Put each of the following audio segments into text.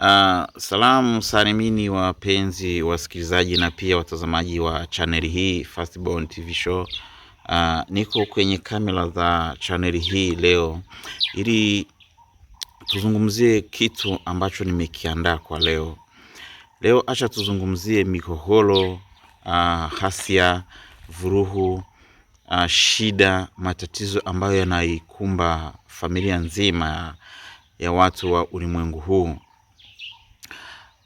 Uh, salamu salimini wapenzi wasikilizaji na pia watazamaji wa chaneli hii Firstborn TV Show. Uh, niko kwenye kamera za chaneli hii leo ili tuzungumzie kitu ambacho nimekiandaa kwa leo. Leo acha tuzungumzie migogoro, uh, ah, hasia, vuruhu, uh, shida, matatizo ambayo yanaikumba familia nzima ya watu wa ulimwengu huu.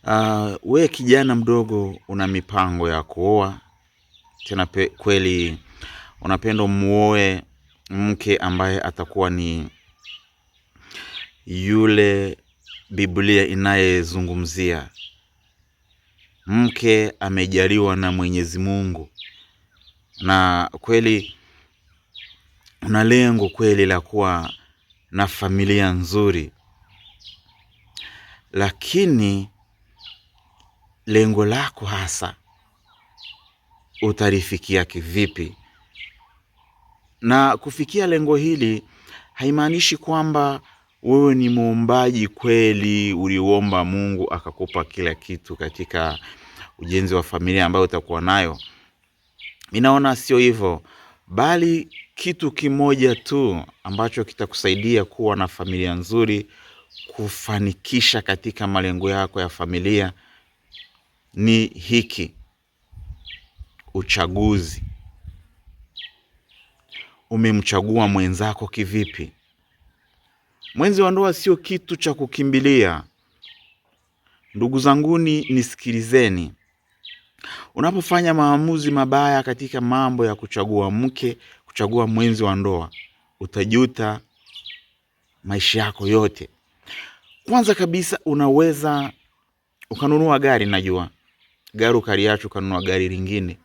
Uh, we kijana mdogo una mipango ya kuoa tena pe, kweli unapenda muoe mke ambaye atakuwa ni yule Biblia inayezungumzia mke amejaliwa na Mwenyezi Mungu, na kweli una lengo kweli la kuwa na familia nzuri, lakini lengo lako hasa utalifikia kivipi. Na kufikia lengo hili haimaanishi kwamba wewe ni muombaji kweli, uliomba Mungu akakupa kila kitu katika ujenzi wa familia ambayo utakuwa nayo. Ninaona sio hivyo, bali kitu kimoja tu ambacho kitakusaidia kuwa na familia nzuri, kufanikisha katika malengo yako ya familia ni hiki: uchaguzi. Umemchagua mwenzako kivipi? Mwenzi wa ndoa sio kitu cha kukimbilia. Ndugu zanguni, nisikilizeni. Unapofanya maamuzi mabaya katika mambo ya kuchagua mke, kuchagua mwenzi wa ndoa, utajuta maisha yako yote. Kwanza kabisa, unaweza ukanunua gari, najua gari ukaliacha ukanunua gari lingine.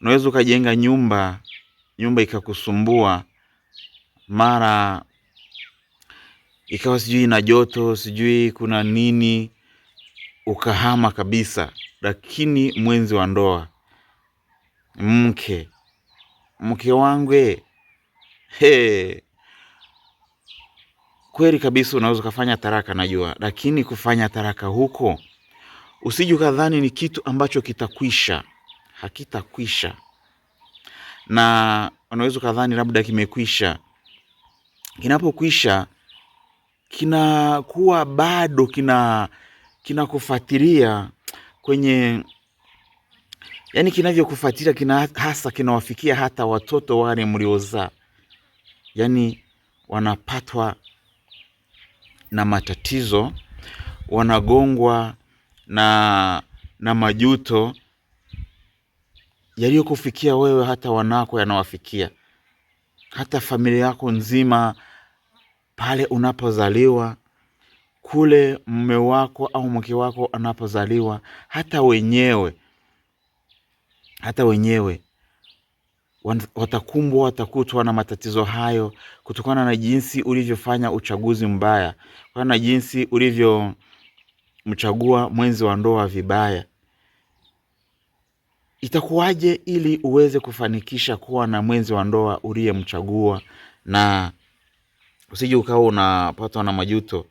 Unaweza ukajenga nyumba, nyumba ikakusumbua, mara ikawa sijui ina joto, sijui kuna nini, ukahama kabisa. Lakini mwenzi wa ndoa, mke mke wangu, hey, eh, eh. kweli kabisa, unaweza ukafanya taraka, najua, lakini kufanya taraka huko usiji ukadhani ni kitu ambacho kitakwisha, hakitakwisha, na unaweza ukadhani labda kimekwisha. Kinapokwisha kinakuwa bado kina kinakufuatilia kwenye yani, kinavyokufuatilia kina hasa kinawafikia hata watoto wale mliozaa, yani wanapatwa na matatizo, wanagongwa na, na majuto yaliyokufikia wewe, hata wanako yanawafikia, hata familia yako nzima pale unapozaliwa kule mume wako au mke wako anapozaliwa, hata wenyewe hata wenyewe watakumbwa, watakutwa na matatizo hayo kutokana na jinsi ulivyofanya uchaguzi mbaya, kutokana na jinsi ulivyo mchagua mwenzi wa ndoa vibaya, itakuwaje ili uweze kufanikisha kuwa na mwenzi wa ndoa uliyemchagua, na usije ukawa unapatwa na majuto?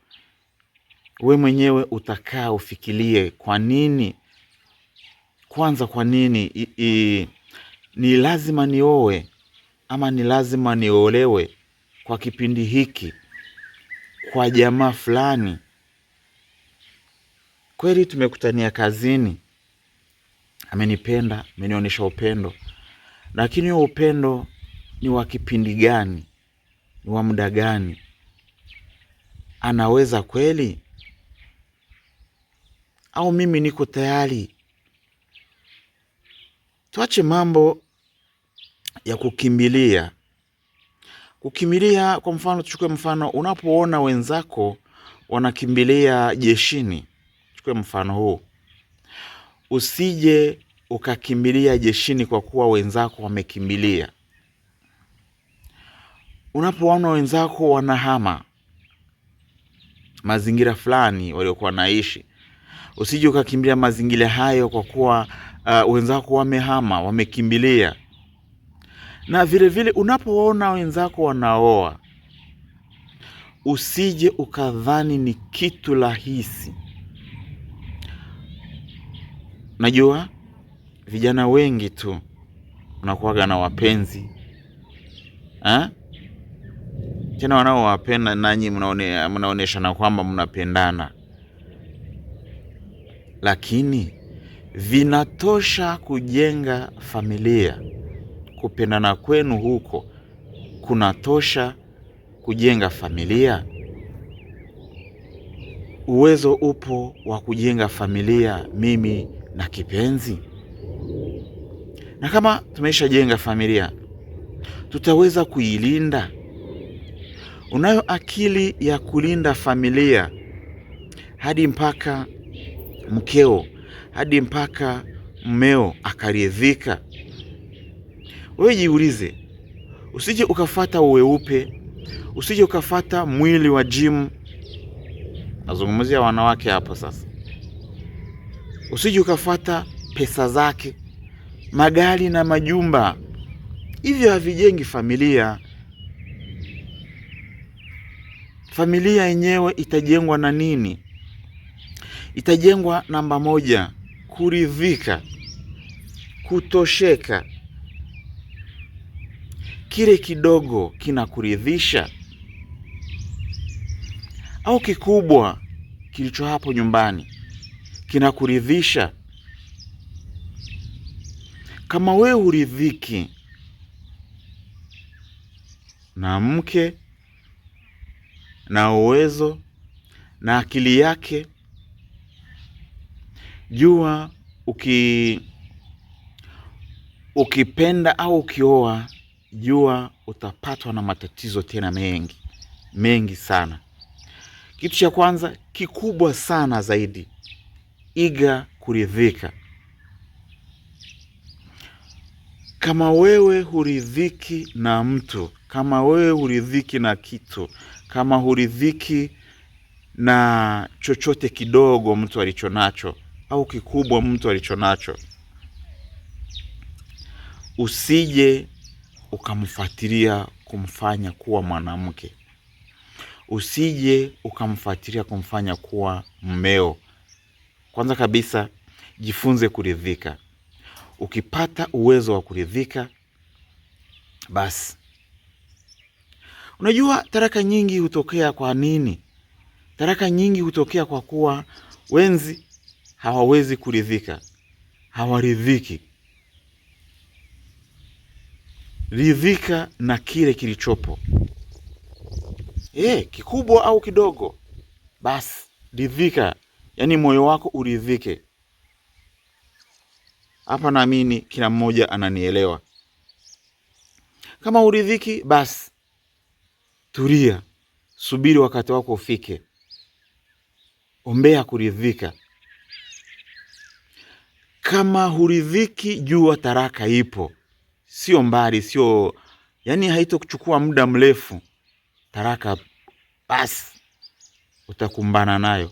We mwenyewe utakaa ufikirie, kwa nini kwanza, kwa nini i, i, ni lazima nioe ama ni lazima niolewe kwa kipindi hiki kwa jamaa fulani? Kweli tumekutania kazini, amenipenda, amenionyesha upendo, lakini huo upendo ni wa kipindi gani? Ni wa muda gani? Anaweza kweli au mimi niko tayari? Tuache mambo ya kukimbilia kukimbilia. Kwa mfano, tuchukue mfano, unapoona wenzako wanakimbilia jeshini Chukue mfano huu, usije ukakimbilia jeshini kwa kuwa wenzako wamekimbilia. Unapoona wenzako wanahama mazingira fulani waliokuwa naishi usije ukakimbilia mazingira hayo kwa kuwa uh, wenzako wamehama, wamekimbilia. Na vile vile unapoona wenzako wanaoa, usije ukadhani ni kitu rahisi Najua vijana wengi tu unakuwaga na wapenzi ha? tena wanaowapenda nanyi mnaone, na kwamba mnapendana, lakini vinatosha kujenga familia. Kupendana kwenu huko kunatosha kujenga familia. Uwezo upo wa kujenga familia. Mimi na kipenzi? Na kama tumeshajenga familia, tutaweza kuilinda? Unayo akili ya kulinda familia hadi mpaka mkeo hadi mpaka mmeo akaridhika? Wewe jiulize, usije ukafata uweupe, usije ukafata mwili wa jimu. Nazungumzia wanawake hapo sasa usije ukafuata pesa zake, magari na majumba. Hivyo havijengi familia. Familia yenyewe itajengwa na nini? Itajengwa namba moja, kuridhika, kutosheka, kile kidogo kinakuridhisha au kikubwa kilicho hapo nyumbani kinakuridhisha? Kama wewe huridhiki na mke na uwezo na akili yake, jua uki ukipenda au ukioa, jua utapatwa na matatizo tena mengi mengi sana. Kitu cha kwanza kikubwa sana zaidi iga kuridhika. Kama wewe huridhiki na mtu, kama wewe huridhiki na kitu, kama huridhiki na chochote kidogo mtu alicho nacho au kikubwa mtu alichonacho, usije ukamfuatilia kumfanya kuwa mwanamke, usije ukamfuatilia kumfanya kuwa mmeo. Kwanza kabisa jifunze kuridhika. Ukipata uwezo wa kuridhika, basi unajua, taraka nyingi hutokea kwa nini? Taraka nyingi hutokea kwa kuwa wenzi hawawezi kuridhika, hawaridhiki. Ridhika na kile kilichopo, e, kikubwa au kidogo, basi ridhika yaani moyo wako uridhike. Hapa naamini kila mmoja ananielewa. Kama uridhiki, basi tulia, subiri wakati wako ufike, ombea kuridhika. Kama huridhiki, jua taraka ipo, sio mbali, sio yaani, haitokuchukua muda mrefu. Taraka basi utakumbana nayo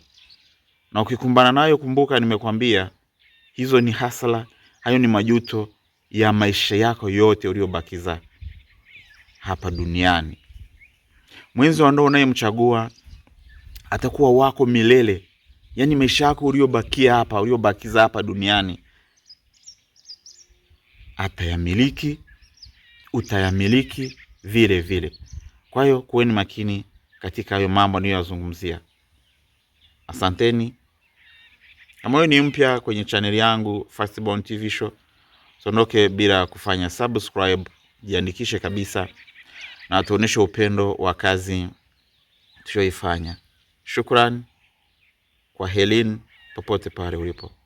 na ukikumbana nayo, kumbuka nimekwambia hizo ni hasara, hayo ni majuto ya maisha yako yote uliyobakiza hapa duniani. Mwenzi wa ndoa unayemchagua atakuwa wako milele, yaani maisha yako uliobakia hapa, uliobakiza hapa duniani atayamiliki, utayamiliki vile vile. Kwa hiyo kuweni makini katika hayo mambo niliyoyazungumzia. Asanteni ambayo ni mpya kwenye chaneli yangu Fastborn TV Show, sondoke bila kufanya subscribe, jiandikishe kabisa na tuoneshe upendo wa kazi tuliyoifanya. Shukran kwa Helin, popote pale ulipo.